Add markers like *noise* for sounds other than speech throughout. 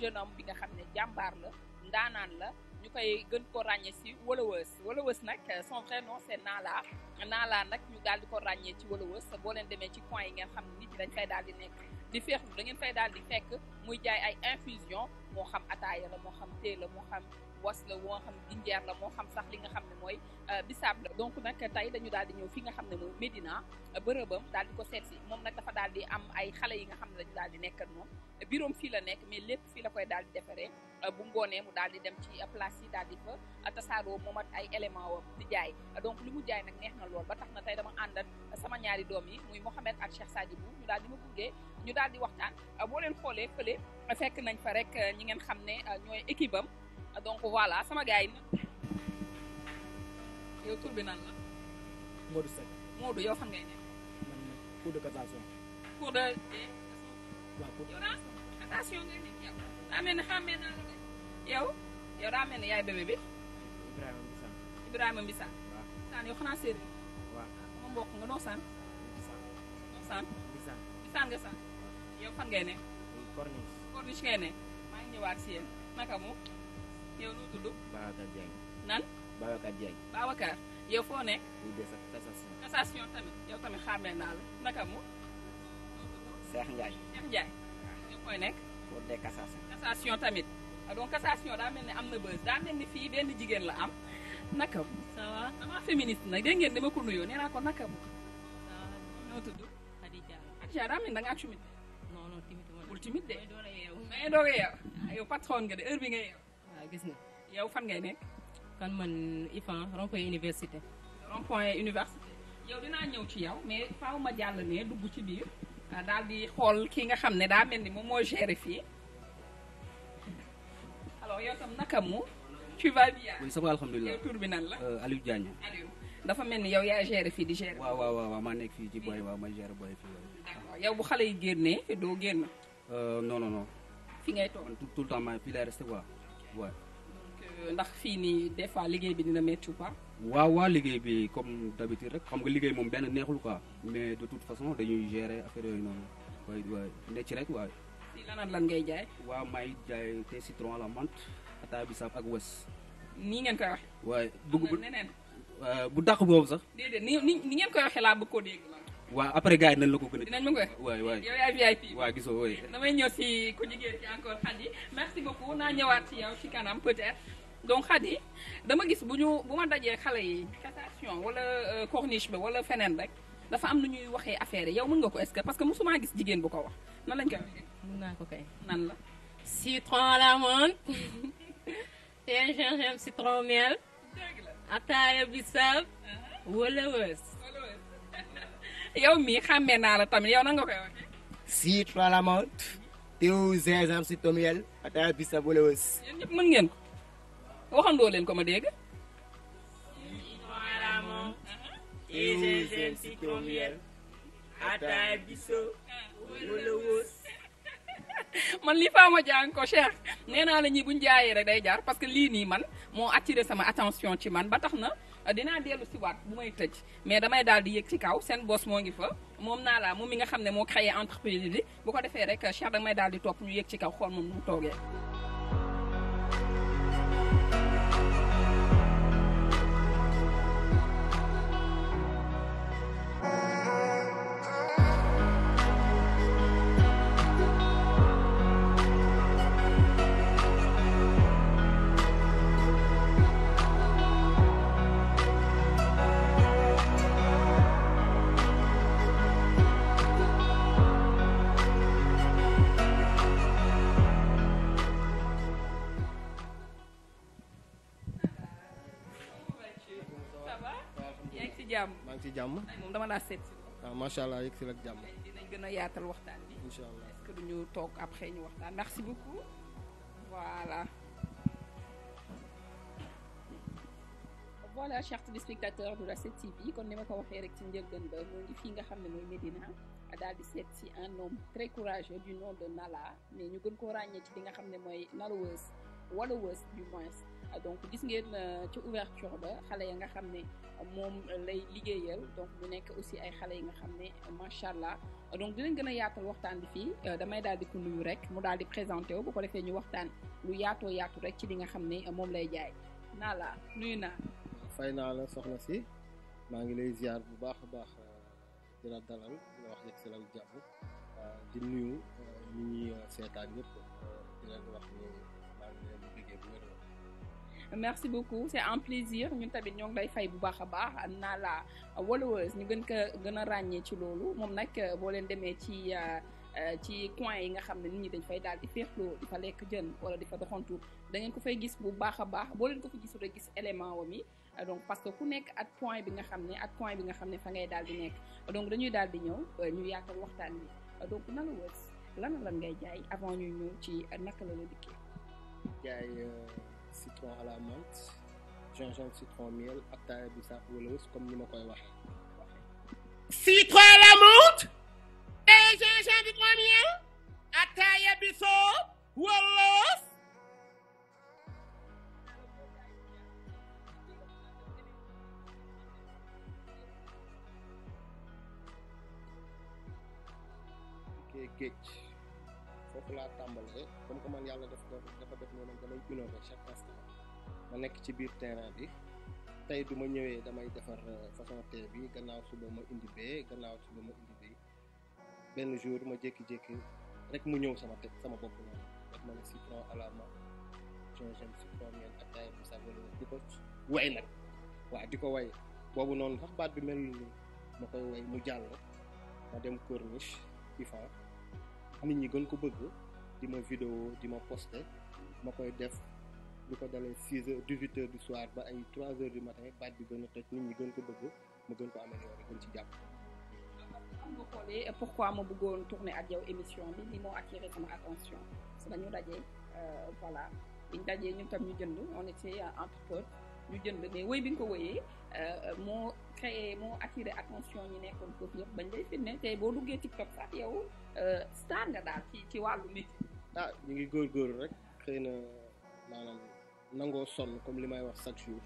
jeune homme bi nga xam ne jàmbaar la ndaanaan la ñu koy gën koo ràññee si Wëlëwës Wëlëwës nag son vrai nom c'est Nala Nala nag ñu daal di ko ràññee ci Wëlëwës boo leen demee ci coin yi ngeen xam nit ñi dañ fay daal di nekk di féexlu da ngeen fay daal di fekk muy jaay ay infusion moo xam ataaya la moo xam thé la moo xam was la woo xam jinjeer la moo xam sax li nga xam ne mooy euh, bisaab donc nag tey dañu daal di ñëw fi nga xam ne mooy Médina euh, bërëbam daal di ko seet si moom nag dafa daal di am ay xale yi nga xam ne dañu daal di nekk moom biroom fii la nekk mais lépp fii la koy daal di defaree euh, bu ngoonee mu daal di dem ci place yi daal di fa tasaaroo moom ak ay élément wam di jaay donc li mu jaay nag neex na lool ba tax na tey dama ànd ak sama ñaari doom yi muy Mohamed ak Cheikh Sadibou ñu daal di ma gunge ñu daal di waxtaan boo leen xoolee fële fekk nañ fa rek ñi ngeen xam ne ñooy équipe am Ah, donc voilà sama gars yi yow tur bi nan la. Modou Seck. Modou yow fan ngay nekk. man nag cour eh, yow. daa mel ni xàmmee yow yow daa mel ni yaay bébé bi. Ibrahima Mbissa. Ibrahima Mbissa. waaw yow xanaa séeréer. waaw sama mbokk nga noo Sane. noo Sane. Mbissa. Mbissa nga Sane. yow fan ngay nekk. Corniche. Corniche ngay nekk. maa ngi ñëwaat yow nu tudd. Babacar Diagne. nan. Babacar Diagne. Babacar yow foo nekk. muy tamit yow tamit xàmmee naa la naka mu. Cheikh Ndiaye. Cheikh Ndiaye. Ah. yow fooy nekk. pour des cassation. tamit ah, donc cassation daa mel ni am na bës daa mel ni fii benn jigéen la am naka mu. ça va nag dégg ngeen dama ko nuyoo nee ko naka mu. noo tudd. Khadija. Khadija daa mel ni da ngaa timide. non non timide doo nga yeew. yow patron nga de heure bi nga yeew. waaw gis na yow fan ngay nekk. kan man IFAN rond-point point université. yow dinaa ñëw ci yaw mais faaw ma jàll ne dugg ci biir. Ah, daal di xool ki nga xam ne daa mel ni moom moo géré fii. alors bi nan la. Euh, Aliou Diagne. Aliou dafa mel ni yow yaa géré fii di géré. waaw waaw waaw maa nekk fii ci boy waaw ma géré boy fii. d'accord bu xale yi génnee doo génn. Euh, non non non. fi ngay toog tout tout temps maa fii lay resté quoi. waaw euh, ndax fii ni des fois liggéey bi dina métti ou pas. waaw waaw liggéey bi comme d'habitude rek xam nga liggéey moom benn neexul quoi mais de toute façon dañuy gérer affaire yooyu noonu waay waay ci rek waay. si lan lan ngay jaay. waaw may jaay te citron à la menthe bi bisaab ak wes. nii ngeen koy waxee. waay dugub euh, bu dàq boobu sax. déedéet ni ni waaw après gars yi nañ la ko gën a. dinañ ma koy waay waay yow yaay VIP. waaw gisoo waay. damay ñëw si ku jigéen ci encore Khady merci beaucoup naa ñëwaat ci yow ci kanam peut-être donc dama gis bu ñu bu ma dajee xale yi cassation wala euh, corniche ba wala feneen rek dafa am lu ñuy waxee affaire yow mën nga ko est-ce que parce que mosuma gis jigéen bu ko wax nan lañ koy naa ko kay nan la. citron la amoon. *laughs* citron miel. ataaya bisaab. Uh-huh. wala wës. yow mii xàmmee naa la tamit yow nan nga koy waxee. si trois la menthe. teew gingembre si tom yel. ataaya bis sa boole wës. yéen ñëpp mën ngeen ko waxandoo leen ko ma dégg. si trois la menthe. teew gingembre si tom yel. ataaya bis sa boole wës. man lii faa ma jàng ko cher nee naa la ñii buñ jaayee rek day jaar parce que lii nii man moo attiré sama attention ci man ba tax na. dinaa dellu si waat bu may tëj mais damay daal di yëg ci kaw seen bos moo ngi fa moom naa laa moom mi nga xam ne moo créé entreprise bi bu ko defee rek Cheikh damay daal di topp ñu yëg ci kaw xool moom nu mu toogee ci jàmm moom dama laa seet si waaw ah, macha allah yëg si la jàmm dinañ gën a yaatal waxtaan bi incha allah est-ce que duñu toog après ñu waxtaan merci beaucoup voilà voilà chers téléspectateurs de la 7TV kon ni ma ko waxee rek ci njëlbeen ba mu ngi fii nga xam ne mooy Médina daal di seet si un homme très courageux du nom de Nalla mais ñu gën koo ràññee ci li nga xam ne mooy Nalla Weuss wala Weuss du moins donc gis ngeen euh, ci ouverture ba xale ya nga xam ne moom lay liggéeyal donc mu nekk aussi ay xale yi nga xam ne macha allah donc dinañ gën a yaatal waxtaan bi fii euh, damay daal di ko nuyu rek mu daal di présenté wu bu ko defee ñu waxtaan lu yaatoo yaatu rek ci li nga xam ne moom lay jaay naa la nuyu naa. fay naa la soxna si maa ngi lay ziar bu baax a baax euh, di la dalal di la wax yegg si di nuyu ñi wax ni. merci beaucoup c'est un plaisir ñun tamit ñoo ngi lay fay bu baax a baax naa la followers ñu gën ko gën a ràññee ci loolu moom nag euh, boo leen demee ci euh, euh, ci coin yi nga xam ne nit ñi dañ fay daal di féexloo di fa lekk jën wala di fa doxantu da ngeen ko fay gis bu baax a baax boo leen ko fa gisul a gis élément wam yi donc parce que ku nekk ak point bi nga xam ne ak point bi nga xam ne fa ngay daal di nekk donc dañuy daal di ñëw ñu yaatal waxtaan bi donc nala wërs lan lan ngay jaay avant ñu ñëw ci naka la la dikkee citron à la menthe gingembre citron miel ak taaya bi sax wëlawus comme ma koy waxee. citron à la menthe. et gingembre citron miel. ak taaya bi soo innover chaque instant ma nekk ci biir terrain bi tey du ma ñëwee damay defar euh, façon tee bi gannaaw suba ma indi bee gannaaw suba ma indi bee benn jour ma jékki-jékki rek mu ñëw sama teg sama bopp noonu rek ma ne citron alarma congène citron ñeent ak ay misaal di ko way nag waaw di ko way boobu noonu sax baat bi mel ni ma koy way mu jàll ma dem corniche IFA nit ñi gën ko bëgg di ma vidéo di ma posté ma koy def lu ko dalee six heures dix huit heures du soir ba ay trois heures du matin baat bi gën a toj nit ñi gën ko bëgg ma gën ko amélioré gën ci jàpp. am nga xoolee pourquoi ma tourner ak yow émission bi li moo attiré sama attention parce que dañu dajee euh, voilà biñ dajee ñun tam ñu jënd on était entrepreneur ñu jënd mais woy bi nga ko wëyee euh, moo créé moo attiré attention ñu nekkoon foofu yëpp bañ lay filmé tey boo duggee TikTok sax yow euh, star nga daal ci ci wàllu métier. ah ñu ngi góorgóorlu rek. xëy na maanaam nangoo sonn comme li may wax chaque jour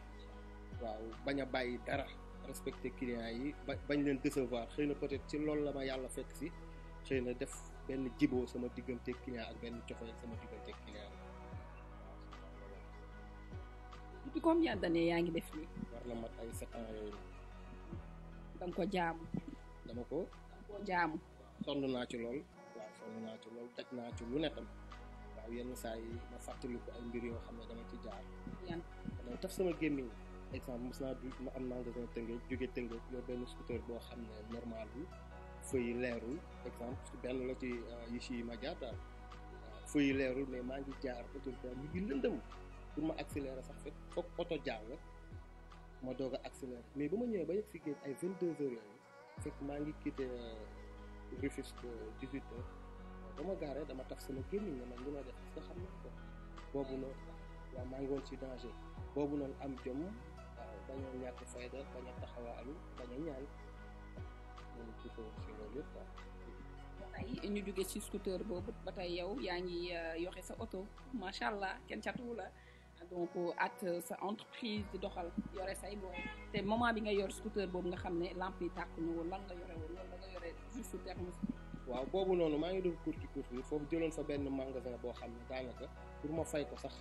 waaw bañ a bàyyi dara respecter clients yi ba bañ leen décevoir xëy na peut ci loolu la ma yàlla fekk si xëy na def benn jibo sama diggante client ak benn cofeel sama diggante client depuis combien d'années yaa ngi def lii. war na mat ay sept ans ko jaamu. dama ko. da jaamu. sonn naa ci lool. waaw sonn naa ci lool daj naa ci lu ne yenn saa yi ma fàttaliku ay mbir yoo xam ne dama ci jaar. yan dama euh, taf sama gémmiñ exemple mos naa du ma am magasin Tëngéej jóge Tëngéej yor benn scooter boo xam ne normal bi feu yi leerul exemple benn la ci euh, yi si ma jaar daal euh, feu leerul mais maa ngi jaar autoroute bi ngi lëndëm pour ma accélérer sax fekk foog oto jàll ma doog a accélérer mais ba ma ñëwee ba yegg fi géej ay 22 heures yooyu fekk maa ngi quitté Rufisque 18 heures. ba ma gaaree dama taf sama gémmiñ na man li ma def parce que xam naa ko boobu noonu waaw maa ngi danger boobu noonu am jom waaw dañoo ñàkk fayda ñu jóge ci scooter boobu ba tey yow yaa ngi euh, yoxe sa oto macha allah kenn catuwu la donc at sa entreprise di doxal yore say booy te moment bi nga yor scooter boobu nga xam ne lamp yi tàkk na woon lan nga yore woon lan nga yore juste terme waaw boobu noonu maa ngi doon courte courte foofu jëloon fa benn magasin boo xam ne daanaka pour ma fay ko sax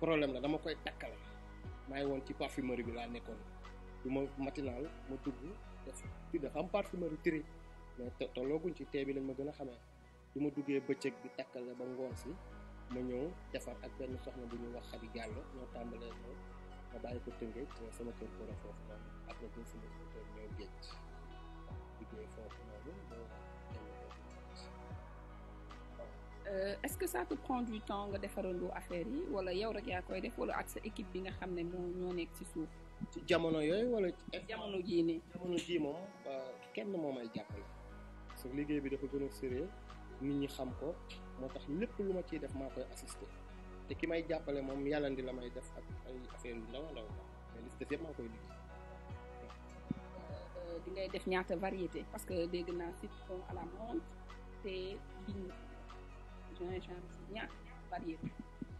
problème la dama koy takkal maa ngi woon ci parfumerie bi laa nekkoon du ma matinal ma dugg def ci dafa am parfumerie tri mais te tollooguñ ci tee bi lañ ma gën a xamee du ma duggee bëccëg bi takkale ba ngoon si ma ñëw defar ak benn soxna bu ñuy wax Xadi Jàllo ñoo tàmbalee ñoom ma bàyyi ko tënkee sama kër kóor foofu noonu après bi sama kër ñëw Euh, est-ce que ça peut prendre du temps nga defarandoo affaire yi wala yow rek yaa koy def wala ak sa équipe bi nga xam ne moo ñoo nekk ci suuf. ci jamono yooyu wala. jamono jii nii. jamono jii moom euh, kenn moo may jàppale. parce liggéey bi dafa gën a sérieux nit ñi xam ko moo tax lépp lu ma ciy def maa koy assister te ki may jàppale moom yàlla ndi la may def ak ay affaire yu ndaw ndaw mais li def yëpp maa koy liggéey. Euh, di ngay def ñaata variété parce que dégg naa citron à la menthe te genre genre ñaar variété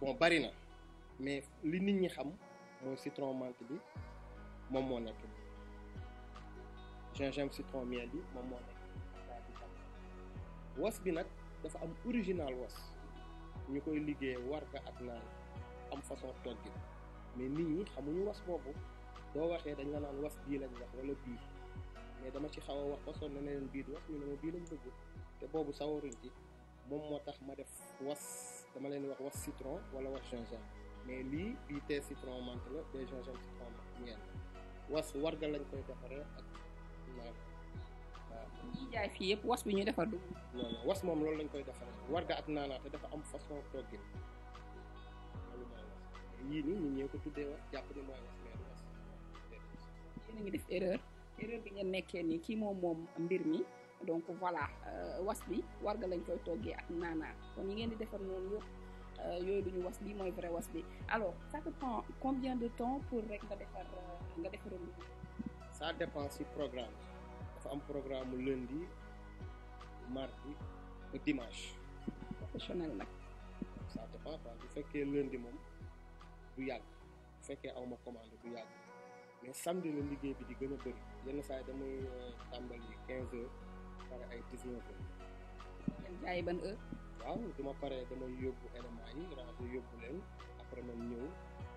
bon bari na mais li nit ñi xam mooy citron menthe bi moom moo nekk bi gingembre bi moom moo was bi nag dafa am original was ñu koy liggéeye war warga ak naan am façon toggin mais nit ñi xamuñu was boobu boo waxee dañ la naan was bii lañ wax wala bii mais dama ci xaw a wax ba sonn na leen bii du was ñu ne ma bii lañ bëgg te boobu sawaruñ ci moom moo tax ma def was dama leen wax was citron wala was gingembre mais lii bii tee citron menthe la bee gingembre citron menthe ñeent was warga lañ koy defaree ak nawet waaw. yëpp was bi ñuy defar was moom loolu lañ koy defaree warga ak naanaate dafa am façon toggin loolu mooy was yii nii ñoo ko tuddee was jàpp ni mooy was mais was. yéen a ngi def erreur erreur bi ngeen nekkee nii kii moom moom mbir mi. donc voilà euh, was war ga lañ koy toggee ak naanaa kon yi ngeen di defar noonu yëpp euh, yooyu du ñu was bi mooy vrai was bi alors ça te prend combien de temps pour rek nga defar euh, nga defaral lu ça dépend si programme am programme mu lundi mardi ba dimanche. professionnel nag. ça bu fekkee lundi moom du yàgg bu fekkee aw ma commande du yàgg mais samedi la liggéey bi di gën a bëri yenn saa yi damay tàmbali pare ay dix-neuf heures. ngeen waaw du ma damay yóbbu éléments yi ranger yóbbu leen après man ñëw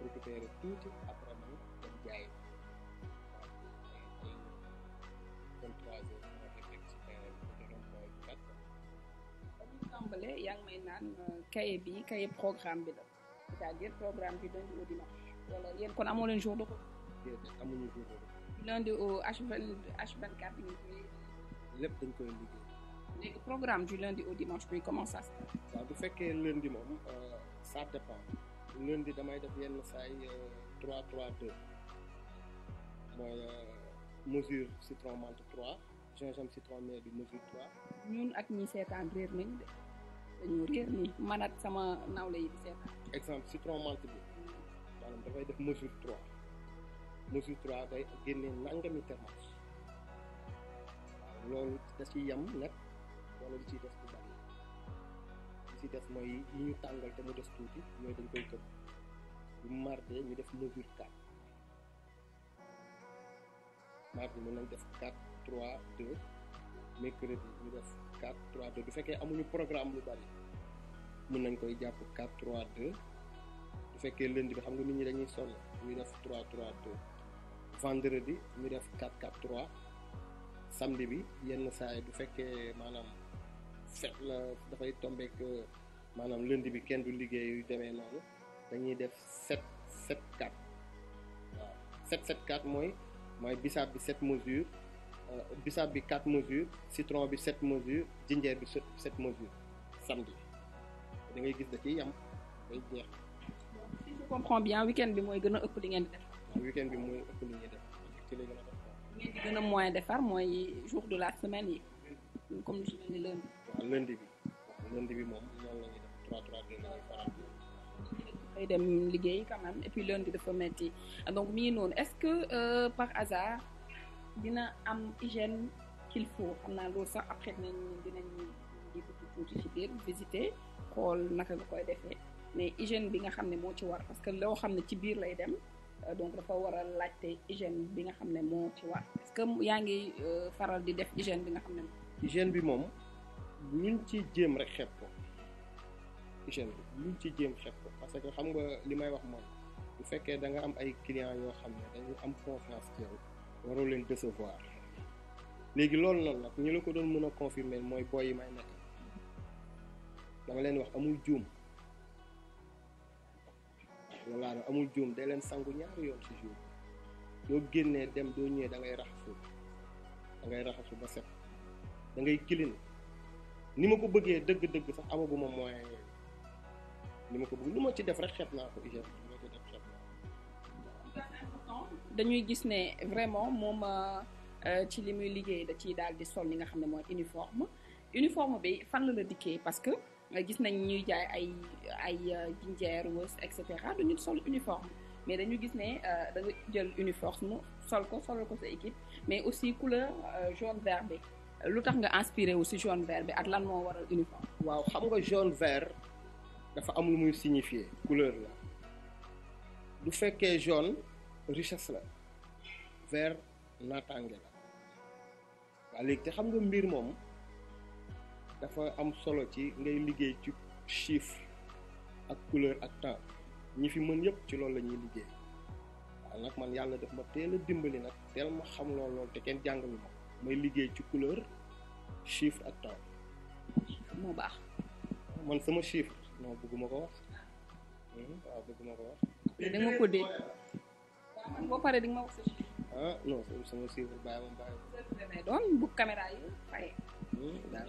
récupérer tuuti après man dem jaayi waaw vingt-trois bi côté may naan euh, cahier bi cahier programme bi la c'est-à-dire programme bi lundi au kon amoo leen jour de amuñu jour de repos. lundi au H vingt lépp dañ koy liggéey. léegi programme du lundi au dimanche bi comment ça se passe. waaw bu fekkee lundi moom euh, ça dépend lundi damay def yenn saay 3 3 2 mooy euh, mesure citron menthe 3 gingembre citron mais bi mesure 3. ñun ak ñi seetaan réer nañ de dañu réer nii man sama nawle yi di seetaan. exemple citron menthe bi maanaam dafay def mesure 3 mesure 3 day génnee nangami thermos. loolu da ciy yem nag wala li ciy def bu bari li ciy def mooy yi ñu tàngal te mu des tuuti mooy dañ koy këpp bu marde ñu def mesure 4 mardi mën nañ def 4 3 2 mercredi ñu def 4 3 2 bu fekkee amuñu programme lu bari mën nañ koy jàpp 4 3 2 bu fekkee lundi bi xam nga nit ñi dañuy sonn ñu def 3 3 2 vendredi ñu def 4 4 3 samedi bi yenn saa yi bu fekkee maanaam fet la dafay tombeek euh, maanaam lundi bi kenn du liggéeyu yu demee noonu dañuy def sept sept quatre waaw sept sept quatre mooy mooy bisaab bi sept mesures euh, bisaab bi quatre mesures citron bi sept mesures jinjeer bi set mesures samedi da ngay gis da ci yam day jeex. si je comprends weekend bi mooy gën a ëpp li ngeen di def. weekend bi mooy ëpp li ngeen def ci lay gën ngeen di gën a mooy jour la semaine yi comme lu bi dafa metti donc mi ngi noonu est-ce que euh, par hasard dina am hygiène qu'il faut xam naa loolu sax après dinañ dinañ di dugg koy defee mais hygiène bi nga xam ne moo ci war parce que loo xam ne ci biir lay dem. Euh, donc dafa war a laajte hygiène bi nga xam ne moo ci wax est que yaa ngi euh, faral di def hygiène bi nga xam ne. hygiène bi moom bu luñ ci jéem rek xeeb ko hygiène bi luñ ci jéem xeeb parce que xam nga li may wax moom bu fekkee da nga am ay clients yoo xam ne dañu am confiance ci yow waroo leen décevoir léegi loolu noonu nag ñu la ko doon mën a confirmer mooy boy yi may nekk dama leen wax amul juum. loolu laa amul juum day leen sangu ñaari yoon si jour doo génnee dem doo ñëwee da ngay raxasu da raxasu ba set da ngay kilin ni ma ko bëggee dëgg-dëgg sax amaguma moyen yooyu ni ma ko bëgg lu ma ci def rek xet naa ko dañuy gis ne vraiment moom euh, ci li muy liggéey da ciy daal di sol li nga xam ne mooy uniforme uniforme bi fan la la dikkee parce que. Euh, gis nañ ñuy jaay ay ay jinjeer euh, wës et du ñu sol uniforme mais dañu gis ne euh, da nga jël uniforme sol ko solal ko sa équipe mais aussi couleur jaune vert lu tax nga inspiré aussi si jaune vert bi ak lan moo waral uniforme. waaw xam nga jaune vert dafa am lu muy signifier couleur la du fekkee jaune richesse la vert naataange la waa léegi te xam nga mbir moom. dafa am solo ci ngay liggéey ci chiffre ak couleur ak temps ñi fi mën yëpp ci loolu lañuy liggéey waaye nag man yàlla def ma teel a dimbali nag teel ma xam lool lool te kenn jàngalu ma may liggéey ci couleur chiffre ak temps. moo baax. man sama chiffre non bëgguma ko wax hmm, waaw bëgguma ko wax. da ma ko wax sa ah, sama chiffre bàyyi ma bàyyi. doon bu caméra yi fayee. daa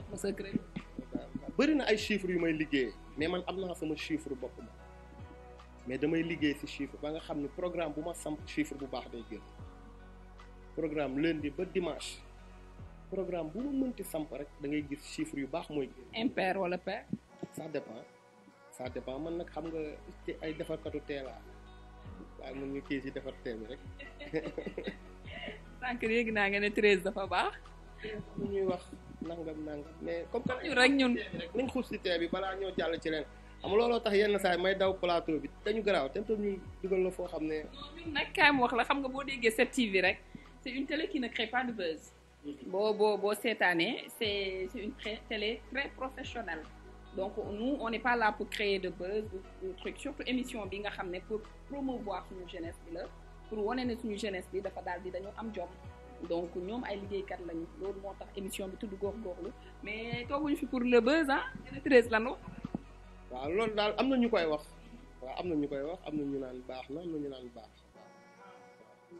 ma na ay chiffres yu may liggéey mais man am naa sama chiffre bopp ma mais damay liggéey ci chiffre ba nga xam ne programme bu ma samp chiffre bu baax day génn programme lundi ba dimanche programme bu ma mënti samp rek da ngay gis chiffre yu baax mooy génn impair wala pair ça dépend ça dépend man nag xam nga ci ay defarkatu teelaa waaye mën nga kii si defar tee bi rek *laughs* sànq léegi naa nga ne treize dafa baax ñuy wax nangam nangam mais comme que ñu rek ñun nañ xuus bi balaa ñoo jàll ci leen xam looloo tax yenn saa yi may daw plateau bi dañu garaaw te ñu dugal la foo xam ne. ñun nag kaay mu wax la xam nga boo déggee 7TV rek c'est une télé qui ne crée pas de buzz. boo boo boo seetaanee c'est c'est une télé très professionnelle. donc nous on n'est pas là pour créer de buzz surtout émission bi nga xam ne pour promouvoir suñu jeunesse bi la pour wane ne suñu jeunesse bi dafa daal di dañoo am jom. donc ñoom ay liggéeykat lañu loolu moo tax émission bi tudd góorgóorlu mais tooguñu fi pour le buzz ah le treize lanu loolu daal am na ñu koy wax waaw am na ñu koy wax am na ñu naan baax na am na ñu naan baax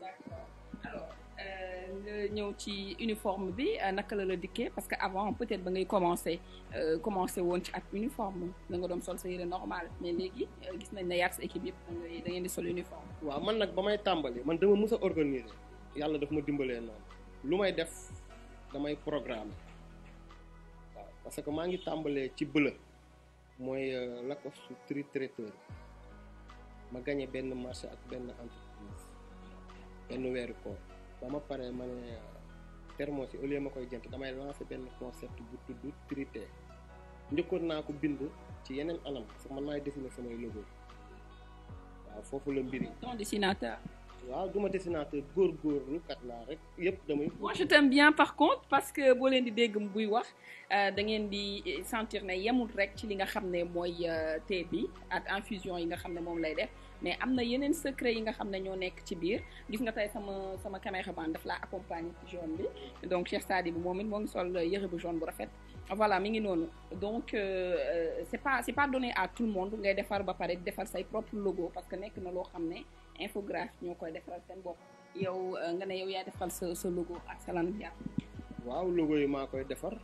d'accord alors euh, nga ñëw ci uniforme bi euh, naka la la dikkee parce que avant peut-être ba ngay commencer euh, commencer woon ci ak uniforme da nga doon sol sa yére normal mais léegi gis nañ ne yaag sa équipe yëpp da di sol uniforme waaw man nag ba may tàmbali man dama mës a organiser yàlla daf ma dimbalee noonu lu may def damay programme waaw parce que maa ngi tàmbalee ci bëla mooy euh, lacoste tri ma gagné benn marché ak benn entreprise benn weeru koor ba ma paree ma ne euh, thermos yi au lieu ma koy jënd damay lancé benn concept bu tudd trité njëkkoon naa ko bind ci yeneen anam parce que man maay dessiné samay logo waaw foofu la mbiri ton dessinateur waaw du ma dessinateur góorgóorlu kat laa rek yëpp damay. moi je t'aime bien par contre parce que boo leen di dégg mu buy wax euh, dangeen di sentir ne yemul rek ci li nga xam ne mooy euh, thé bi ak infusion yi nga xam ne moom lay def mais am na yeneen secret yi nga xam ne ñoo nekk ci biir gis nga tey sama sama caméraman daf laa accompagner ci jaune bi donc Cheikh Sadi bi moom it moo ngi sol yëre bu jaune bu rafet. voilà mi ngi noonu donc euh, euh c'est pas c'est pas donné à tout le monde ngay defar ba pare defar say propre logo parce que nekk na loo xam ne. infographie ñoo koy defaral seen bopp yow euh, nga ne yow yaa defal sa sa logo ak sa lan waaw logo yi maa koy defar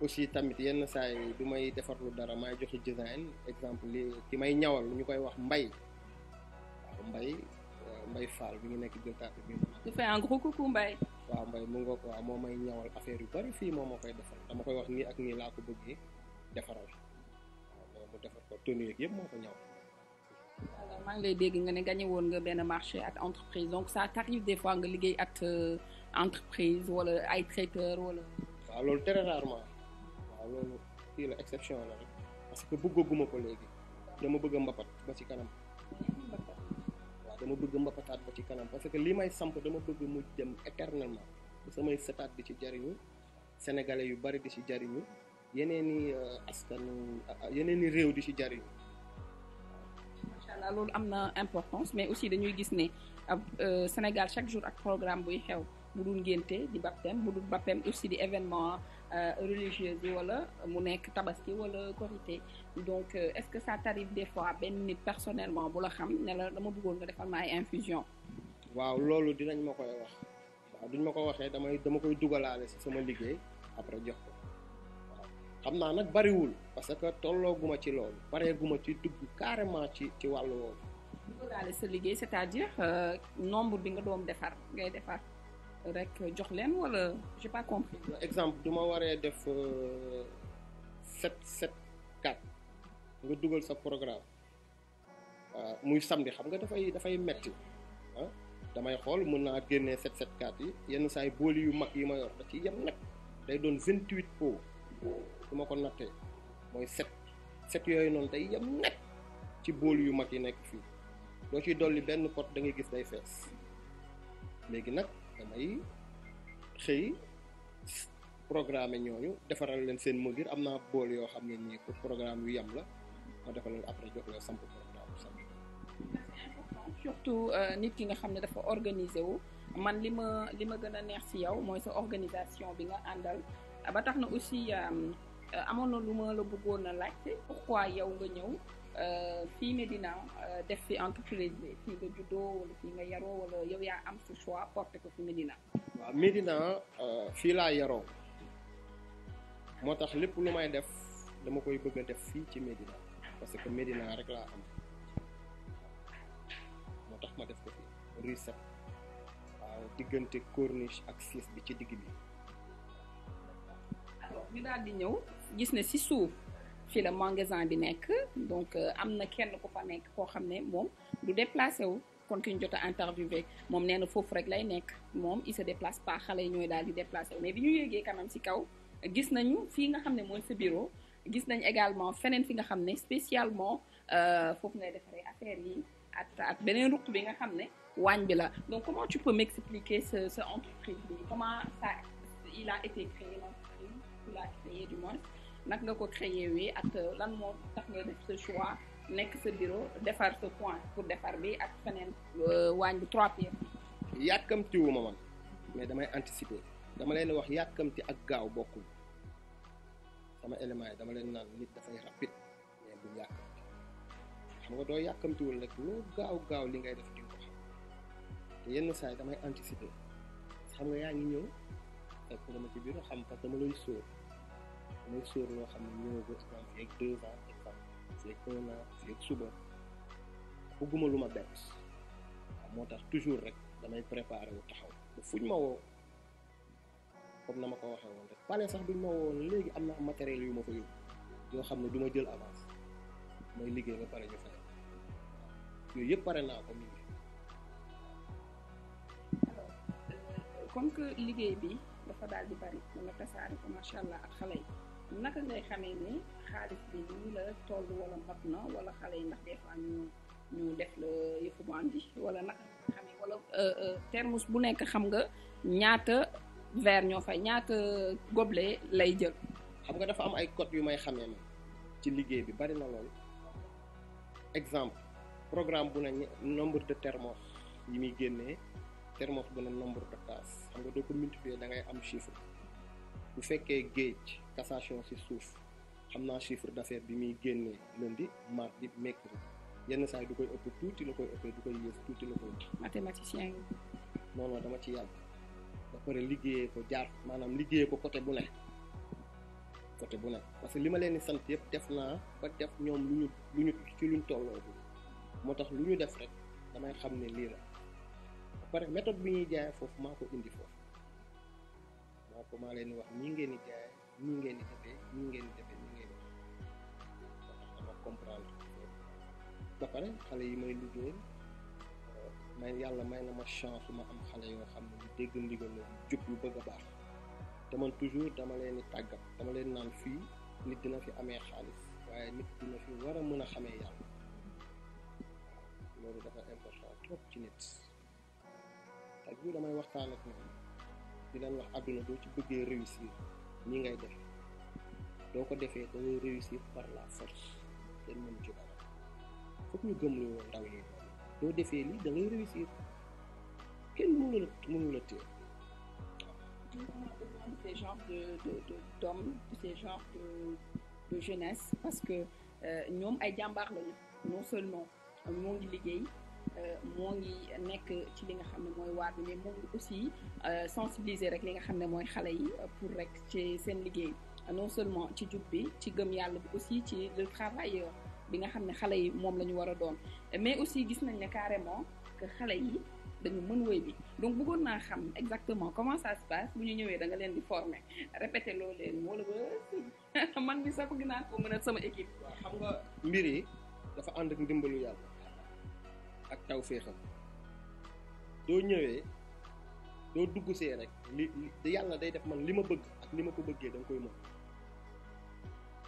aussi tamit yenn saa yi may defar lu dara maay joxe design exemple ki may ñawal ñu koy wax mbay mbay euh, mbay Fall bi ngi nekk jotaat bi. su fee en gros coucou mbay. waaw mbay mu ngoog waaw moo may ñawal affaire yu bari fii moo moo koy defar dama koy wax nii ak nii laa ko bëggee defaral waaw mu yëpp moo ko ñaw. maa ngi lay dégg nga ne gagné woon nga benn marché ak entreprise donc ça t'arrive des fois nga liggéey ak euh, entreprise wala ay traiteur wala. waaw loolu très rarement waaw loolu kii la exception la rek parce que bugg bëggaguma ko léegi dama bëgg a mbapat ba ci kanam. dama bëgg a mbapataat ci kanam parce que li may samp dama bëgg mu dem éternellement samay sëtaat di ci jariñu sénégalais yu bari di ci jariñu yeneen i euh, askan yeneen i réew di ci jariñu. allah loolu am na importance mais aussi dañuy gis ne ab euh, Sénégal chaque jour ak programme buy xew mu dul ngénte di baptême bu dul baptême aussi di événement euh, religieux bi wala mu nekk tabaski wala korité donc euh, est-ce que ça t'arrive des fois benn nit personnellement bu la xam ne dama bëggoon nga defal ma ay infusion waaw loolu dinañ ma koy wax duñ ma ko waxee damay dama koy dugalaale si sama liggéey après jox xam naa nag bariwul parce que tollooguma ci loolu pareeguma ci dugg carrément ci ci wàllu woowu. daal sa liggéey c'est-à-dire euh, nombre bi nga doom defar ngay defar rek jox leen wala j'ai pas exemple du ma waree def euh, sept sept quatre nga dugal sa programme waaw euh, muy samedi xam nga dafay dafay metti ah damay xool mun naa génnee sept set quatre yi yenn saa yi booli yu mag yi ma yor da ci yem nag day doon vingt huit pots. su ma ko nattee mooy set set yooyu noonu day yem nekk ci bool yu mag yi nekk fii doo ciy dolli benn pot da ngay gis day fees léegi nag damay xëy programme ñooñu defaral leen seen mëgir am naa bool yoo xam ne nii programme yu yem la ma defal leen après jox la samp programme surtout euh, nit ki nga xam ne dafa organiser wu man li ma li ma gën a neex ci yow mooy sa organisation bi nga àndal ba tax na aussi euh, Euh, amoon na lu ma la bëggoon a laajte pourquoi yow nga ñëw euh, fii Médina euh, def fi entreprise fii nga juddoo wala fii nga yaroo wala yow yaa am sa choix porté ko fi Médina. waaw Médina fii laa yaroo moo tax lépp lu may def dama koy bëgg a def fii ci Médina parce que Médina rek laa am moo tax ma def ko fii rue sept waaw diggante corniche ak siis bi ci digg bi. ñu daal di ñëw gis ne si suuf fii la magasin bi nekk donc euh, am na kenn ku fa nekk koo xam ne moom du déplacé wu kon ki ñu jot a interviewé moom nee na foofu rek lay nekk moom il se déplace pas xale yi daal di déplacé wu mais bi ñu si kaw gis nañu fii nga xam ne mooy sa bureau gis nañu également feneen fi nga xam ne spécialement euh, foofu ngay defaree affaire yi at ak beneen ruq bi nga xam ne waañ bi la donc comment tu peux m'expliquer ce ce entreprise bi comment il a été créé l'entreprise tu du moins nag nga ko créer wi at lan moo tax nga def ce choix nekk sa bureau defar ce point pour defar bi ak feneen euh, waañ bu trois pièces bi yàkkamtiwuma man mais damay anticiper dama leen wax yàkkamti ak gaaw bokkul sama élément yi dama leen naan nit dafay rapide mais bu yàkkamti xam nga doo yàkkamtiwul rek loo gaaw gaaw li ngay def di xam te yenn saa damay anticiper xam nga yaa ngi ñëw dama ci bureau xam parce que dama lay sóor mooy suur loo xam ne ñëwagul man fii ak deux ans et fan ak un an ak suba bëgguma lu ma bett waaw moo tax toujours rek damay préparer wu taxaw ba fuñ ma woo comme na ma ko waxee woon rek pale sax buñ ma woon léegi am na matériel yu ma ko yóbbu yoo xam ne duma jël avance mooy liggéey ba pare ñu fay yooyu yëpp naa ko mi ngi. alors comme que liggéey bi. dafa daal di bari mu nga tasaare ko macha allah ak xale yi naka ngay xamee ne xaalis bi nii la toll wala mat na wala xale yi ndax des fois ñu ñu def la yëfu mu andi wala naka nga xamee wala euh, euh, thermos bu nekk xam nga ñaata verre ñoo fay ñaata goble lay jël. xam nga dafa am ay cote yu may xamee na ci liggéey bi bari na lool exemple programme bu ne nombre de thermos yi muy génnee. cer moo fa gën a nombre de taas xam nga doo ko multiplier da ngay am chiffre bu fekkee géej cassation si suuf xam naa chiffre d'affaires bi muy génnee lundi mardi mercredi yenn saay du koy ëpp tuuti la koy ëppee du koy yées tuuti la koy mathématicien yi non non dama ci yàgg ba pare liggéeyee ko jaar maanaam liggéeyee ko côté bu ne côté bu ne parce que li ma leen di sant yëpp def naa ba def ñoom lu ñu lu ñu ci luñ tolloo moo tax lu ñu def rek damay xam ne lii pare méthode bi ñuy jaay foofu maa ko indi foofu maa ko maa leen wax ñi ngeen di jaay ñi ngeen di defee ñi ngeen di defee ñi ngeen di dama comprendre ba pare xale yi may liggéeyal euh, may yàlla may na ma chance ma am xale yoo xam ne ñu dégg ndigal la jub lu bëgg a baax te man toujours dama leen di tàggat dama leen naan fii nit dina fi amee xaalis waaye nit dina fi war a mën a xamee yàlla loolu dafa important trop ci nit ak yu damay waxtaan ak ñoom di leen wax àdduna boo ci bëggee réussir ni ngay def doo ko defee da réussir par la force kenn mënu ci dara foog defee lii da réussir kenn mënu de de de d'hommes de jeunesse parce que euh, ñoom ay jàmbaar lañu non seulement ñoo ngi liggéey. Euh, moo ngi nekk ci li nga xam ne mooy waar bi mais moo ngi aussi euh, sensibiliser rek li nga xam ne mooy xale yi pour rek ci seen liggéey non seulement ci jub bi ci gëm yàlla bi aussi ci le travailleur bi nga xam ne xale yi moom la ñu war a doon mais aussi gis nañ ne carrément que xale yi dañu mën woy bi donc bëggoon naa xam exactement comment ça se bu ñu ñëwee da nga leen di former répéter loo leen moo la ba *laughs* man mi sax ko gën ko mën sama équipe. xam nga mbir dafa ànd ak ndimbalu ak taw féexam doo ñëwee doo dugg see rek li li yàlla day def man li ma bëgg ak ni ma ko bëggee da nga koy mën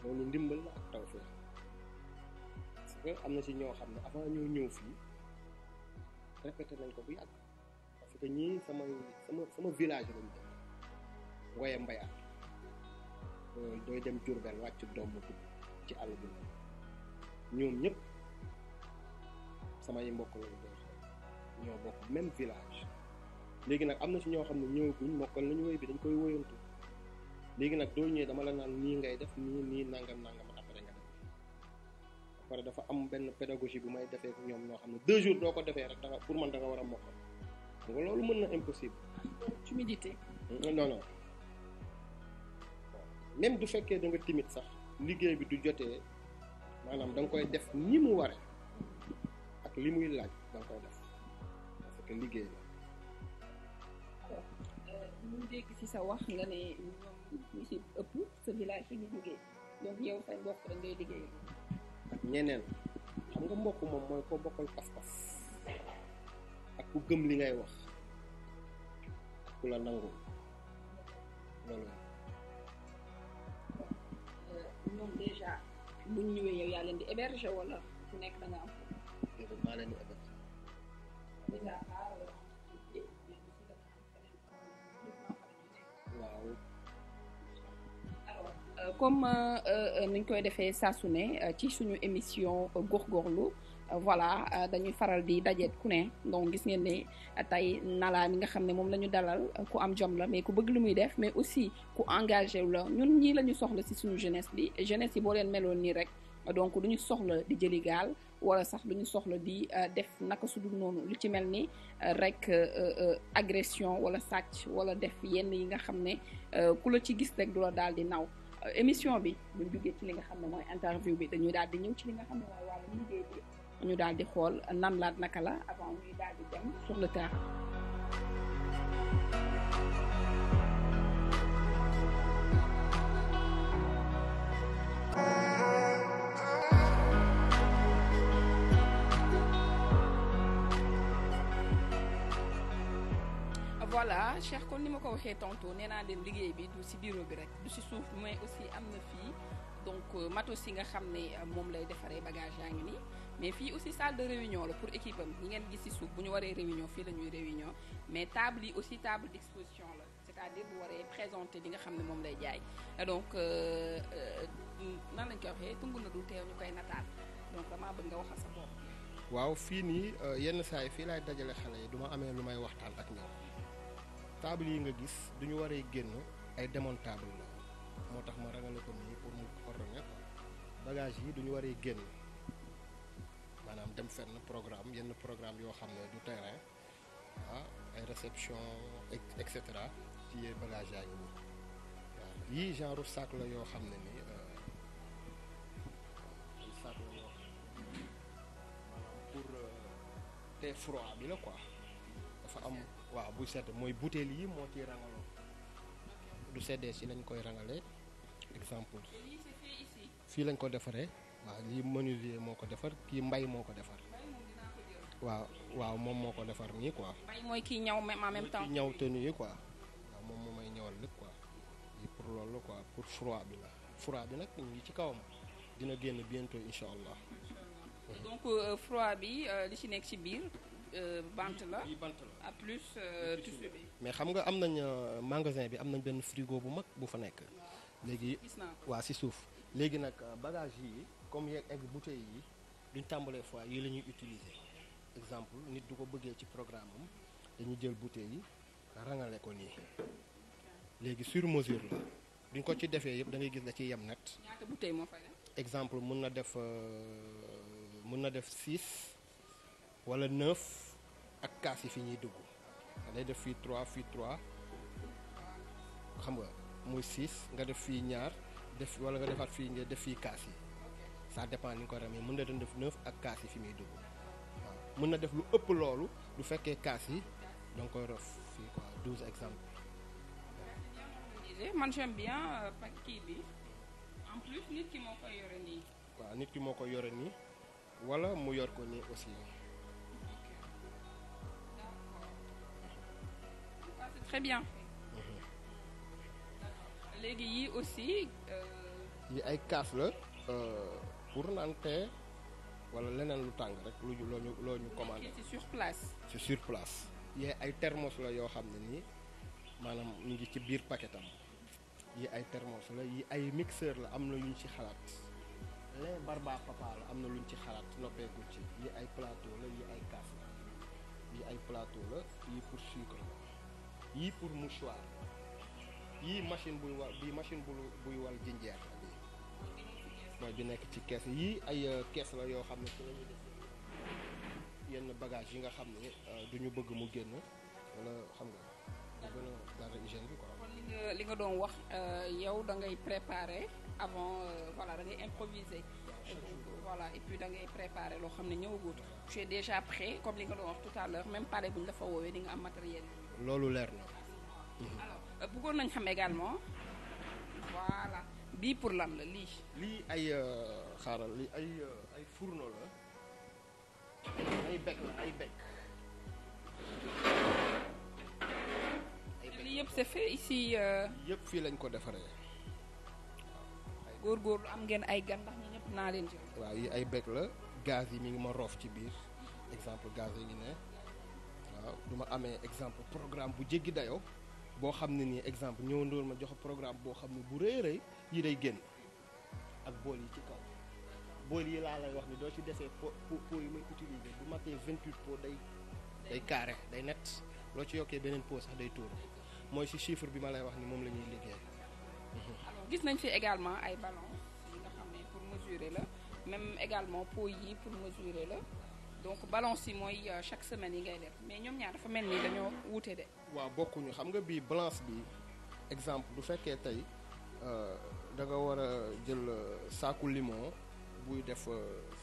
loolu ndimbal la ak taw féexam parce que am na si ñoo xam ne avant ñoo ñëw fii répété nañ ko bu yàgg parce sama sama sama village lañ dem Ngoye Mbayar dooy dem Diourbel wàcc doomu ci àll bi ñoom ñëpp. samay mbokk lañ bokk même village léegi nag am na ci ñoo xam ne ñëwaguñ mokkal nañu woy bi dañ koy woyantu léegi nag doo ñëwee dama la naan nii ngay def nii nii nangam nangam après nga def dafa am benn pédagogie bu may defee ñoom ñoo xam ne deux jours doo ko defee danga pour man danga war a mokkal nga loolu mën na impossible. timidité. non non même du fekkee da nga timide sax liggéey bi du jotee maanaam danga koy def nii mu waree. ak li muy laaj da nga koy def parce que liggéey la. ñu dégg ci sa wax nga ne ñoom ñu ci ëpp sa village yi ñu liggéey donc yow say mbokk rek ngay liggéey. ñeneen xam nga mbokk moom mooy ko bokkal pas-pas ak ku gëm li ngay wax ak ku la nangu loolu la. Euh, déjà buñ ñëwee yow yaa leen di héberger wala ku nekk da maanaam waaw. comme euh, euh, niñ koy defee saa su ne euh, ci suñu émission góorgóorlu voilà dañuy faral di dajeet ku ne donc gis ngeen ni tey nalaa mi nga xam ne moom la ñu dalal ku am jom la mais ku bëgg lu muy def mais aussi ku engagé wu la ñun ñii la ñu soxla ci suñu jeunesse bi jeunesse yi boo leen meloon nii rek. donc duñu soxla di jëli gaal wala sax duñu soxla di euh, def naka su dul noonu lu ci mel ni euh, rek euh, agression wala sàcc wala def yenn yi nga xam ne ku la ci gis rek du la daal di naw émission bi buñ jógee li nga xam ne mooy interview bi dañuy daal di ñëw ci daal di xool nan laat naka la avant ñuy daal dem sur le terrain. voilà Cheikh kon ni ma ko waxee tantôt nee naa leen liggéey bi du si bureau bi rek du ci suuf mais aussi am na fii donc euh, matos si nga xam ne euh, moom lay defaree bagage yaa ngi nii mais fii aussi salle de réunion la pour équipe am ñi ngeen gis ci suuf bu ñu waree réunion fii la ñuy réunion mais table yi aussi table exposition la c'est-à-dire bu waree présenter li nga xam ne moom lay jaay donc euh, nan lañ koy waxee tungu na du teew ñu koy nataal donc damaa bëgg nga waaw fii nii yenn saa fii laay dajale xale yi du ma amee lu may waxtaan ak table yi nga gis du ñu waree génn ay démontable la moo tax ma rangale ko nii pour mu ordonné bagage yi du ñu waree génn maanaam dem fenn programme yenn programme yoo xam ne du terrain ah ay réception et cetera ci yee bagage yaa ngi nii yii genre sac la yoo xam ne nii euh, sac pour te euh, froid bi la quoi dafa am. waaw bu sedd mooy butéel yi moo ciy rangaloo du seddee si lañ koy rangale exemple. fii lañ ko defaree. waaw lii menuisier moo ko defar kii mbay moo ko defar. waaw waaw moom moo ko defar nii quoi. mooy kii ñaw même en temps. ñaw tenue quoi. moom moo may ñëwal lépp quoi. lii pour loolu quoi pour froid bi la. bi nag ñu ngi ci kawam. dina génn bientôt incha allah. donc euh, bi euh, li ci nekk ci biir. Euh, bant la à plus euh, tissu mais xam nga am nañ euh, magasin bi am nañ benn frigo bu mag bu fa nekk léegi waa si suuf léegi nag bagage yi comme yeeg egg bouteille yi duñ tàmbalee fois yi la ñuy utiliser exemple nit du ko bëggee ci programme am dañuy jël bouteille yi rangale ko nii léegi sur mesure la duñ ko ci defee yëpp da ngay gis da ci yem nag ñaata bouteille exemple mun na def mun na def six wala neuf ak kaas yi fi ñuy dugg da ngay def fii trois fii trois xam nga muy six nga def fii ñaar def wala nga defaat fii nga def fii kaas yi sa dépend ni nga ko ramee mën na doon def neuf ak kaas fi muy dugg mën na def lu ëpp loolu du fekkee kaas yi donc koy ref fii quoi douze man j'aime bien euh, bi en plus nit ki moo koy yore nii. waaw nit ki moo koy yore nii wala mu yor ko nii aussi. très bien. léegi yii aussi. Euh, yi ay kaas la euh, pour naan walla leneen lu tàng rek lu loo ñu loo ñu commandé. c'est sur place. c'est sur place. ay thermos la yoo xam ne nii maanaam ñu ngi ci biir paquetam yi ay thermos la yi ay mixeur la am na lu ñu ci xalaat les barba papa la am na lu ñu ci xalaat noppeeku ci yi ay plateau la yi ay kaas la yi ay plateau la yi pour sucre yii pour mouchoir yii machine buy wal bii machine bul buy wal jinjeer la bii mooy bi nekk ci kees yii ay euh, kees la yoo xam ne ci la ñuy yenn bagage yi nga xam ne euh, du ñu bëgg mu génn wala xam nga a dara bi quoi. kon li nga doon wax euh, yow da ngay préparer avant voilà da ngay improviser. voilà et puis da ngay préparer loo xam ne ñëwagut. tu es déjà prêt comme li nga doon wax tout à l'heure même pare bu ñu la fa woowee di nga am matériel loolu leer na. alors euh, nañ xam également voilà bii pour lan la lii. lii ay euh, xaaral lii ay euh, ay fourneau la ay bec la ay bec. yëpp fii lañ ko defaree. góorgóorlu am ngeen ay gan naa leen ci. ay bec la gaz yi mi ngi ma roof ci biir exemple gaz yi ngi ne. du ma amee exemple programme bu jéggi dayoo boo xam ne nii exemple ñëw ñëwandoon ma jox programme boo xam ne bu rëy rëy yi day génn ak bool yi ci kaw bool yi laa lay wax ni doo ci desee po po yi may utiliser bu matee vingt-huit po day day carré day net loo ci yokkee beneen po sax day tuuru mooy ci chiffre bi ma lay wax ni moom la ñuy liggéey. Mhm. gis nañ fi également ay ballons pour mesurer la même également po yi pour mesurer la. donc balance yi mooy euh, chaque semaine yi ngay def mais ñoom ñaar dafa mel ni dañoo wuute de. waaw bokkuñu xam nga bii balance bi exemple du fekkee tey euh, da nga war a jël euh, saaku limon buy def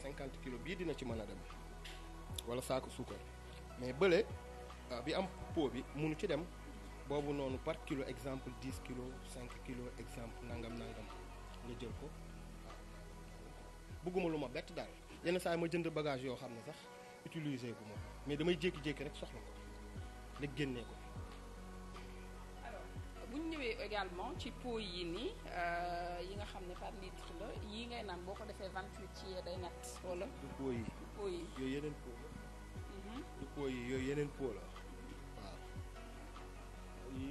cinquante kilos bii dina ci mën a dem wala saaku suukar mais bële bi am pot bi munu ci dem boobu noonu part kilo exemple dix kilos cinq kilos exemple nangam nangam nga jël ko bëgguma lu ma bett daal. yenn saa yi ma jënd bagage yoo xam ne sax utiliser gu ma mais damay jékki-jékki rek soxla ko rek génnee ko. buñ ñu ñëwee également ci po yi nii euh, yi nga xam ne par litre la yii ngay naan boo ko defee vingt-huit ci day natt wala. du pot yi pot yi yeneen pot la. yi yooyu yeneen pot la mhm.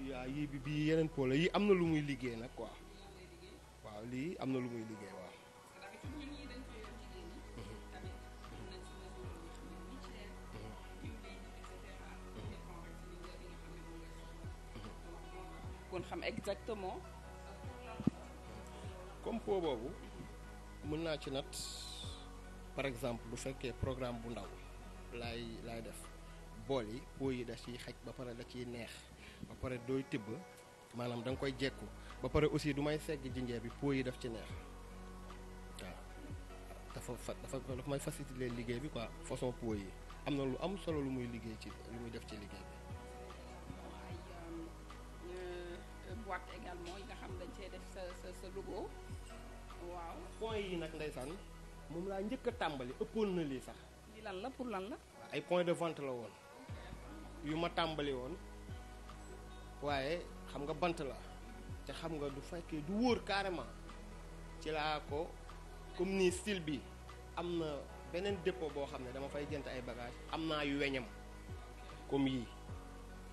waaw. yii bi bii yeneen pot la yii am na lu muy liggéey nag quoi. waaw lii am na lu muy liggéey waaw. bëggoon xam exactement. comme pot boobu mën naa ci nat par exemple bu fekkee programme bu ndaw laay laay def bool yi pot yi def ciy xaj ba pare la ciy neex ba pare dooy tibb maanaam danga koy jekku ba pare aussi du may segg jinjeer bi pot yi def ci neex waaw dafa fa dafa dafa may faciliter liggéey bi quoi façon pot yi am na lu am solo lu muy liggéey ci lu muy def ci liggéey bi. boîte xam dañ cee def sa sa waaw. point yi nag ndeysaan moom laa njëkk a tàmbali ëppoon na lii sax. lan la lan la. ay point de vente la woon yu ma tàmbali woon waaye xam nga bant la te xam nga du fekkee du wóor carrément ci laa ko comme ni style bi am na beneen dépôt boo xam ne dama fay jant ay bagages am naa yu weñam comme yii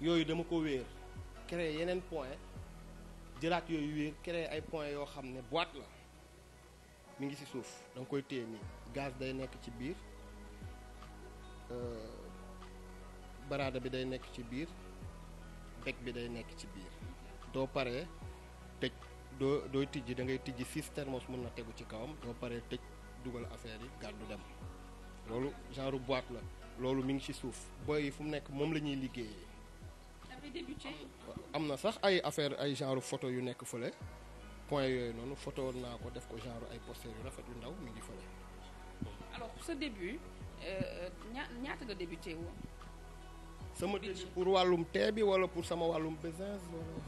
yooyu dama ko wéer créer yeneen point jëlaat yooyu wéer créer ay points yoo xam ne boîte la mu ngi ci suuf da koy téye nii gaz day nekk ci biir euh, baraada bi day nekk ci biir bec bi day nekk ci biir doo paree tëj doo dooy tijj da ngay tijji six mun na tegu ci kawam doo paree tëj dugal affaire yi gàddu dem loolu genre boite la loolu mu ngi ci suuf boy yi fu mu nekk moom la ñuy liggéeyee. am na sax ay affaire ay genre photo yu nekk fële point yooyu noonu photo naa ko def ko ay poster yu rafet yu ndaw mi ngi fële. alors sa début euh, ña ñaata nga débuté woon. sama début pour wàllum tee bi wala pour sama wàllum business euh,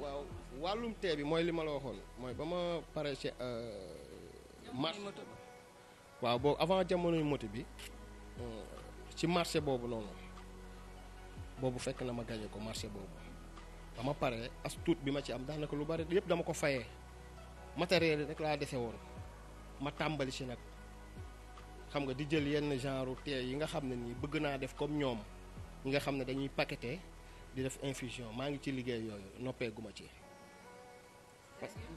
waaw wàllum tee bi mooy li ma la waxoon mooy ba ma paree ci euh, mars waaw boobu avant jamonoy moto bi. ci marché boobu noonu boobu fekk na ma gañe ko marché boobu dama ma paree as tuut bi ma ci am daanaka lu bari yëpp dama ko fayee matériel yi rek laa dese woon ma tàmbali ci nag xam nga di jël yenn genre te yi nga xam ne nii bëgg naa def comme ñoom ñi nga xam ne dañuy paqueté di def infusion maa ngi ci liggéey yooyu ma ci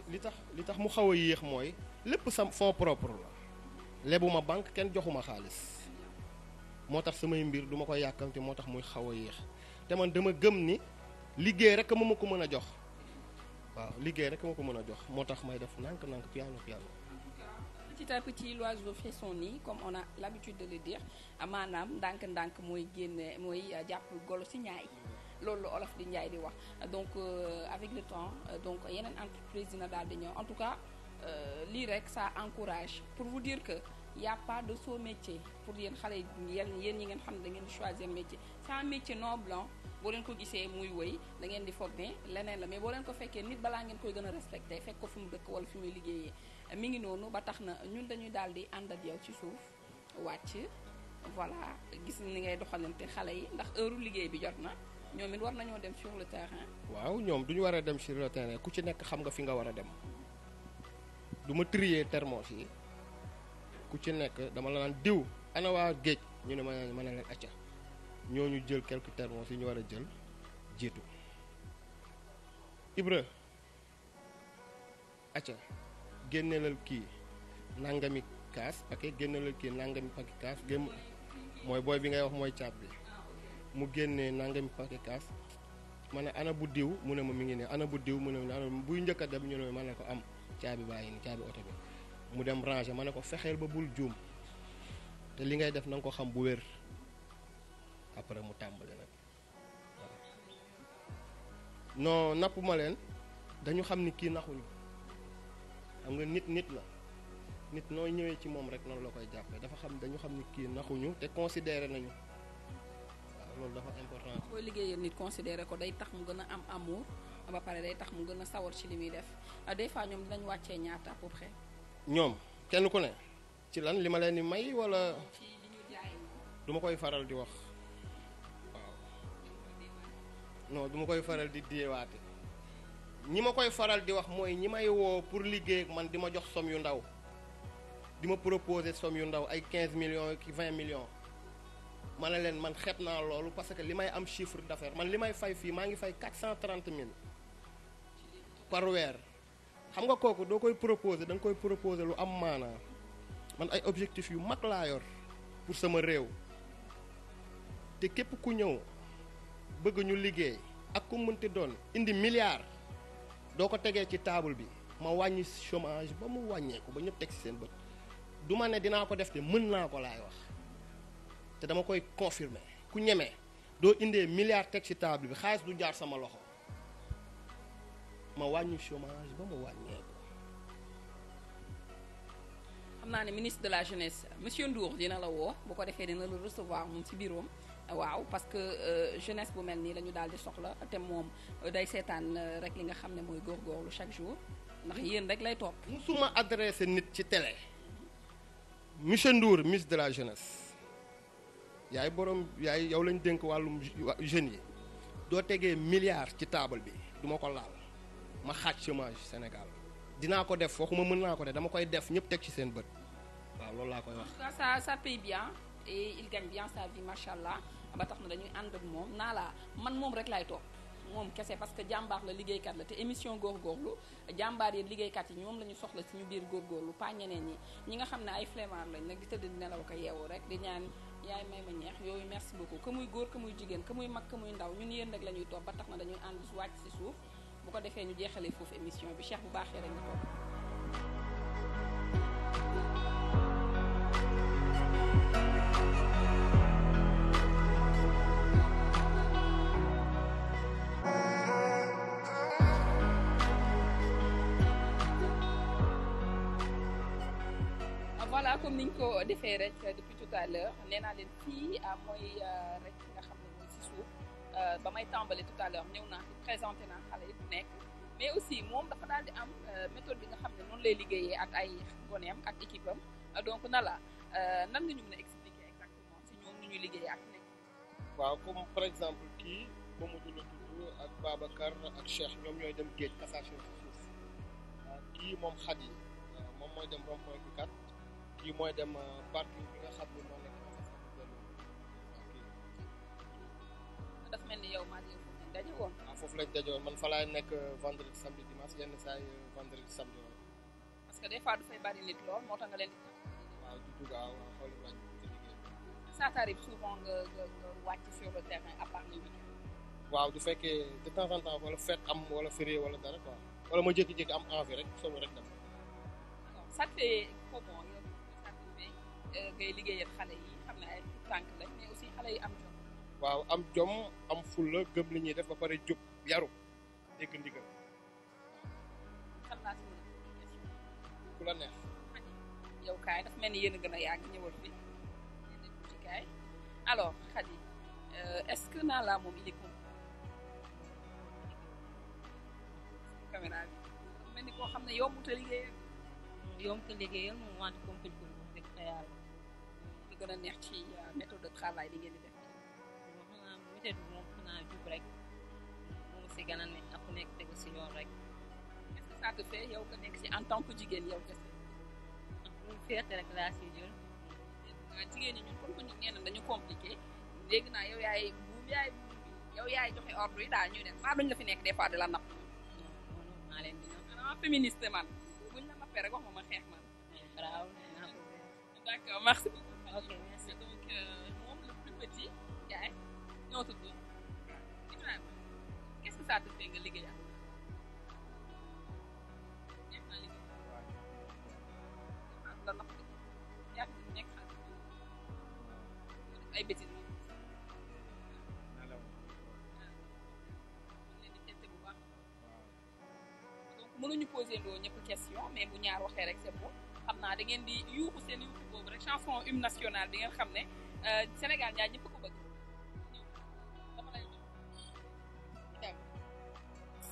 li tax li tax mu xaw a yéex mooy lépp sam fonds propre la lebuma banque kenn joxuma xaalis moo tax samay mbir du ma ko yàkkamti moo tax muy xaw a yéex te man dama gëm ni liggéey rek ma ma ko mën a jox waaw liggéey rek ma ko mën a jox moo tax may def nànk-nànk piano piano petit à petit l'oiseau fait son nid comme on a l'habitude de le dire maanaam ndànk-ndànk mooy génne mooy euh, jàpp golo ci ñaay olof di njaay di wax donc euh, avec temps euh, donc yeneen entreprise daal di ñëw en tout cas lii rek ça encourage pour vous dire que y' a pas de sot métier pour yéen xale yéen yéen ñi ngeen xam ne da ngeen choisir métier sans métier non blanc boo leen ko gisee muy wëy da ngeen di foog ne leneen la mais boo leen ko fekkee nit balaa ngeen koy gën a respecté fekk ko fi mu dëkk wala fi muy liggéeyee mi ngi noonu ba tax na ñun dañuy daal di ànd ak yow ci suuf wàcc voilà gis ni ngay doxalante xale yi ndax heure liggéey bi jot na ñoom it war nañoo dem sur le terrain. waaw ñoom duñu ñu a dem sur le terrain ku ci nekk xam nga fi nga war a dem du ma ku ci nekk dama la naan diw ana géej ñu ne ma mën leen leen ñoo ñu jël quelques termes yi ñu war a jël jiitu Ibra acca lal kii nangami kaas paquet génnelal kii nangami paquet kaas génn mooy booy bi ngay wax mooy caab bi mu génnee nangami paquet kaas ma ana bu diw mu ne ma mi ngi ne ana bu diw mu ne ma buy njëkk a ñu ne ma ne ko am caabi bàyyi ni caabi oto bi mu dem ranger ma ne ko fexeel ba bul juum te li ngay def na ko xam bu wér après mu tàmbali nag non napp ma leen dañu xam ni kii naxuñu xam nga nit nit la nit noo ñëwee ci moom rek noonu la koy jàppee dafa xam dañu xam ni kii naxuñu te considéré nañu waaw loolu dafa important. boo liggéeyee nit considéré ko day tax mu gën a am amour ba pare day tax mu gën a sawar ci li muy def ah, des fois ñoom dinañ wàccee ñaata à peu ñoom kenn ku ne ci lan li ma leen di may wala duma koy faral di wax waaw duma koy faral di déewaate ñi ma koy faral di wax mooy ñi may woo pour liggéey ak man di ma jox somme yu ndaw di ma proposer somme yu ndaw ay 15 millions ki 20 millions ma ne leen man xeeb naa loolu parce que li may am chiffre d'affaires man li may fay fii maa ngi fay 430 mille par weer xam nga kooku doo koy proposer danga koy proposer lu am maanaa man ay objectif yu mag laa yor pour sama réew te képp ku ñëw bëgg ñu liggéey ak ku mënti doon indi milliard doo ko tegee ci taabul bi ma wàññi chômage ba mu wàññeeku ba ñëpp teg ci seen bët du ma ne dinaa ko def te mën naa ko laay wax te dama koy confirmer ku ñeme doo indee milliard teg ci table bi xaalis du jaar sama loxo ma wàññi chômage ba mu wàññeeku. xam naa ne ministre de la jeunesse monsieur Ndour dina la woo bu ko defee dina la recevoir moom ci biiroom waaw parce que euh, jeunesse bu mel nii la ñu daal di soxla te moom euh, day seetaan euh, rek li nga xam ne mooy góorgóorlu chaque jour ndax yéen rek lay topp. musuma adressé nit ci télé monsieur Ndour ministre de la jeunesse yaay borom yaay yow lañ dénk wàllum jeunes yi doo tegee milliard ci taabal bi duma ko laal. ma xaaj chômage Sénégal dinaa ko def waxuma mën naa ko def dama koy def ñëpp teg ci seen bët waaw loolu laa koy wax. en tout cas ça ça bien il gagne bien sa vie macha allah ba tax na dañuy ànd ak moom naa laa man moom rek laay toog moom kese parce que jàmbaar la liggéeykat la te émission góorgóorlu jàmbaar yi liggéeykat yi ñoom la ñu soxla suñu biir góorgóorlu pas ñeneen ñi ñi nga xam ne ay flemmard lañ nag di tëdd di nelaw ko yeewoo rek di ñaan yaay may ma ñeex yooyu merci beaucoup que muy góor jigéen que muy mag que muy ndaw ñun yéen rek la ñuy toog ba tax na dañuy ànd wàcc si suuf bu ko defee ñu jeexalee foofu émission bi Cheikh bu baaxee rek ñu ko ah, voilà comme niñ ko ah, mooy euh, rek Euh, ba may tàmbali tout à l'heure ñëw naa fi présenté naa xale yi bu nekk mais aussi moom dafa daal di am euh, méthode bi nga xam ne noonu lay liggéeyee ak ay goneem ak équipe am euh, donc na la nan nga ñu mën a expliquer exactement si ñoom nu liggéeyee ak nekk. waaw comme par exemple kii Mamadou la tudd ak Babacar ak Cheikh ñoom ñooy dem géej passation de kii moom xat yi moom mooy dem rond-point bi kat kii mooy dem parking bi nga xam ne moo mel ni yow maa ngi daje woon. waaw ah, foofu lañ daje man fa nekk euh, vendredi samedi dimanche yenn saa yi euh, vendredi samedi parce que des du fay bari nit lool moo tax nga leen di. waaw du waaw du fekkee de temps en wala fête am wala férié wala dara quoi wala ma jékki-jékki am envie rek solo rek def. alors ça euh, ngay liggéeyal xale yi xam ne ay tànk lañ mais aussi xale yi am jom. waaw am jom am fulla gëm ñuy def ba pare jóg yaru dégg ndigal ku la neex yow kaay dafa mel ni yéen a gën a yàgg ñëwal fi yéen euh, naa laa moom il bi mel ni koo xam ne yombut a liggéeyal yombut a liggéeyal moom wante compliqué ko dëgg fa yàlla li gën a neex ci euh, méthode de travail bi ngeen déedéet moom xam naa jub rek moom si gën ne ak nekk tegu si yoon rek est-ce nekk si en tant que jigéen yow kese ndax muy féete rek laa siy jël waaw jigéen ñi ñun comme que ñu ñeneen dañu compliqué léegi naa yow yaay buum yaay buum yaay joxe ordre yi daal ñuy dem maa duñ la fi nekk des fois di la napp. maa leen di napp xanaa féministe man buñ la nappee rek wax ma ma xeex man. waaw d'accord merci beaucoup. ok merci donc euh, moom le plus petit. noo tudd Ibrahima qu'est-ce que ça te fait na liggéey ak la nax yaa ngi question mais bu ñaar waxee rek c'est xam naa da di yuuxu seen yuuxu boobu rek chanson hymne nationale bi ngeen xam ne euh, Sénégal ñaar ñëpp ko bëgg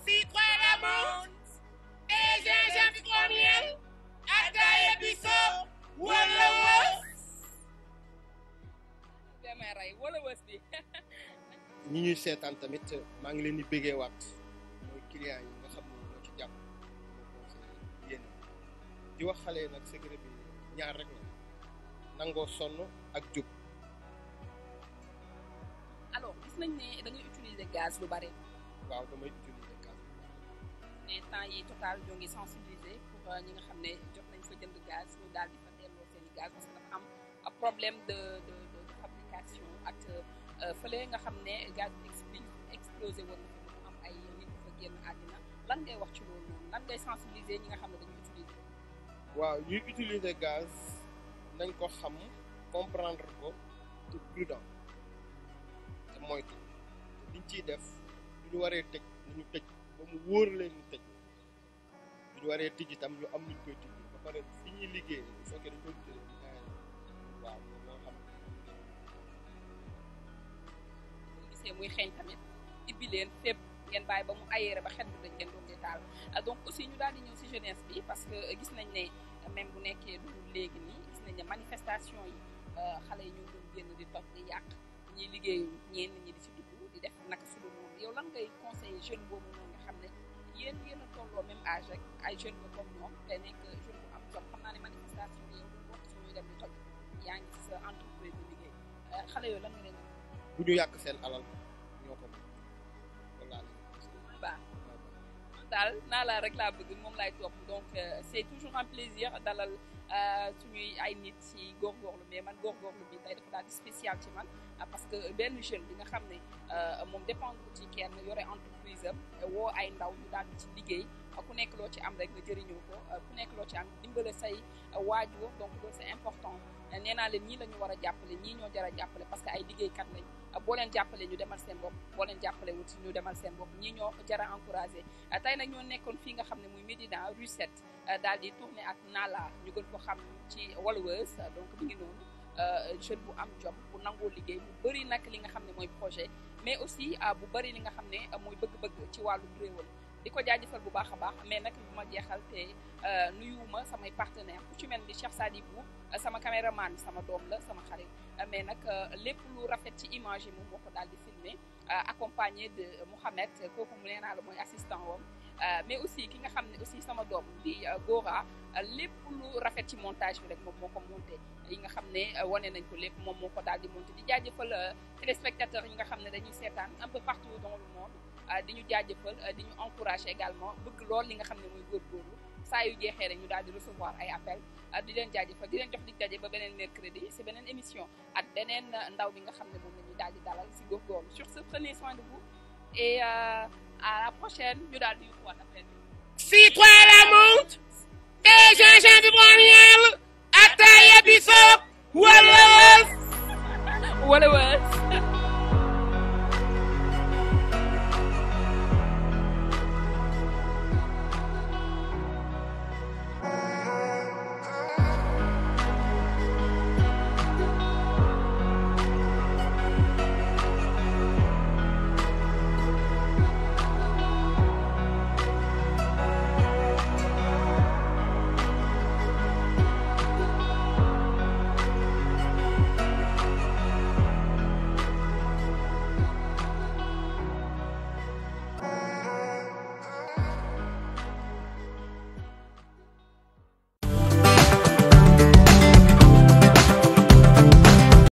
Citron lamont, e jenjen fikon miel, ataye bisop, wala wos. ñuy seetaan tamit maa ngi leen di bëggee waat mooy client yi nga xam ne ñoo ci jàpp di wax xale yi nag secret bi ñaar rek la nangoo sonn ak jub. alors gis nañ ne da utiliser gaz lu bari. waaw damay utiliser. mais temps yi total ñoo ngi sensibiliser pour euh, ñi nga xam ne jot nañ fa jënd gaz ñu daal di fa euh, problème de de fabrication ak euh, fële nga xam ne gaz bi bi explosé woon na fa am ay nit fa génn àddina lan ngay wax ci loolu noonu lan ngay sensibiliser ñi nga xam ne dañuy utiliser. waaw ñuy utiliser gaz nañ ko xam comprendre ko te prudent te moytu te liñ ciy def lu ñu waree tëj lu ñu tëj. ba mu wóor leen ñu tëj waree tijji tam ñu am luñ koy tijji ba pare fi ñuy liggéey bu fekkee dañ koy tëj waaw loo xam gisee muy xeeñ tamit ibbi leen fépp ngeen bàyyi ba mu aéré ba xet bu dañ ngeen doog di taal ah, donc aussi ñu daal ñëw ci jeunesse bi parce que euh, gis nañ ne même bu nekkee du léegi nii gis nañ ne manifestation yi euh, xale yi ñu ngi génn di topp di yàq ñuy liggéeyu ñeen ñi di ci dugg di def naka su dul yow lan ngay conseiller jeune yéen yéen a tolloo même âge rek ay jeunes nga comme moom te nekk jeune bu am jom xam naa ne manifestation bi yow bokk si dem di toj yaa ngi sa entreprise di euh, xale yooyu lan nga leen yàq seen alal daal naa la rek laa bëgg moom laay topp donc euh, c'est toujours un plaisir dalal euh, suñuy ay nit ci góorgóorlu mais man góorgóorlu bi tey dafa daal di spécial ci ah, parce que benn jeune bi nga xam ne euh, moom dépendre ci kenn yore entreprise am ay ndaw ñu daal di ci liggéey Euh, ku nekk loo ci am rek nga jëriñoo ko euh, ku nekk loo ci am dimbale say euh, waajur donc loolu c'est important nee naa leen ñii la ñu war a jàppale ñii ñoo jar a jàppale parce que ay liggéeykat lañ boo leen jàppale ñu demal seen bopp boo leen jàppale wut ñu demal seen bopp ñii ñoo jar a encouragé tey nag ñoo nekkoon fii nga xam ne muy Médina rue 7 daal di tourné ak Nala ñu gën ko xam ci Walweuse donc mi ngi noonu bu am job bu nangoo liggéey bëri nag li nga xam ne mooy projet mais aussi bu bëri li nga xam ne mooy bëgg-bëgg ci wàllu réewal di ko jaajëfal bu baax a baax mais nag bu ma jeexal te euh, nuyuwuma samay partenaire ku ci mel ni Cheikh Sadibou euh, sama caméraman sama doom la sama xarit euh, mais nag lépp lu rafet ci image yi moom moo ko daal di filmé accompagné mooy assistant wam mais ki nga xam ne aussi sama doom di Gora lépp lu rafet ci montage bi rek moom moo ko monté yi nga xam ne wane nañ ko lépp moom moo ko daal di monté di jaajëfal téléspectateurs yi nga xam ne dañuy seetaan un peu partout dans le monde Euh, di ñu jaajëfal euh, di ñu encouragé également bëgg lool li nga xam ne mooy góorgóorlu saa yu jeexee rek ñu daal di recevoir ay a euh, di leen jaajëfal di leen jox di daje ba beneen mercredi si beneen émission ak beneen ndaw bi nga xam ne moom la ñuy daal di dalal si góorgóorlu sur ce prenez soin de vous à la prochaine ñu daal di yuxuwaat appel bi si toi la monte échange ataaya bi soog wala wës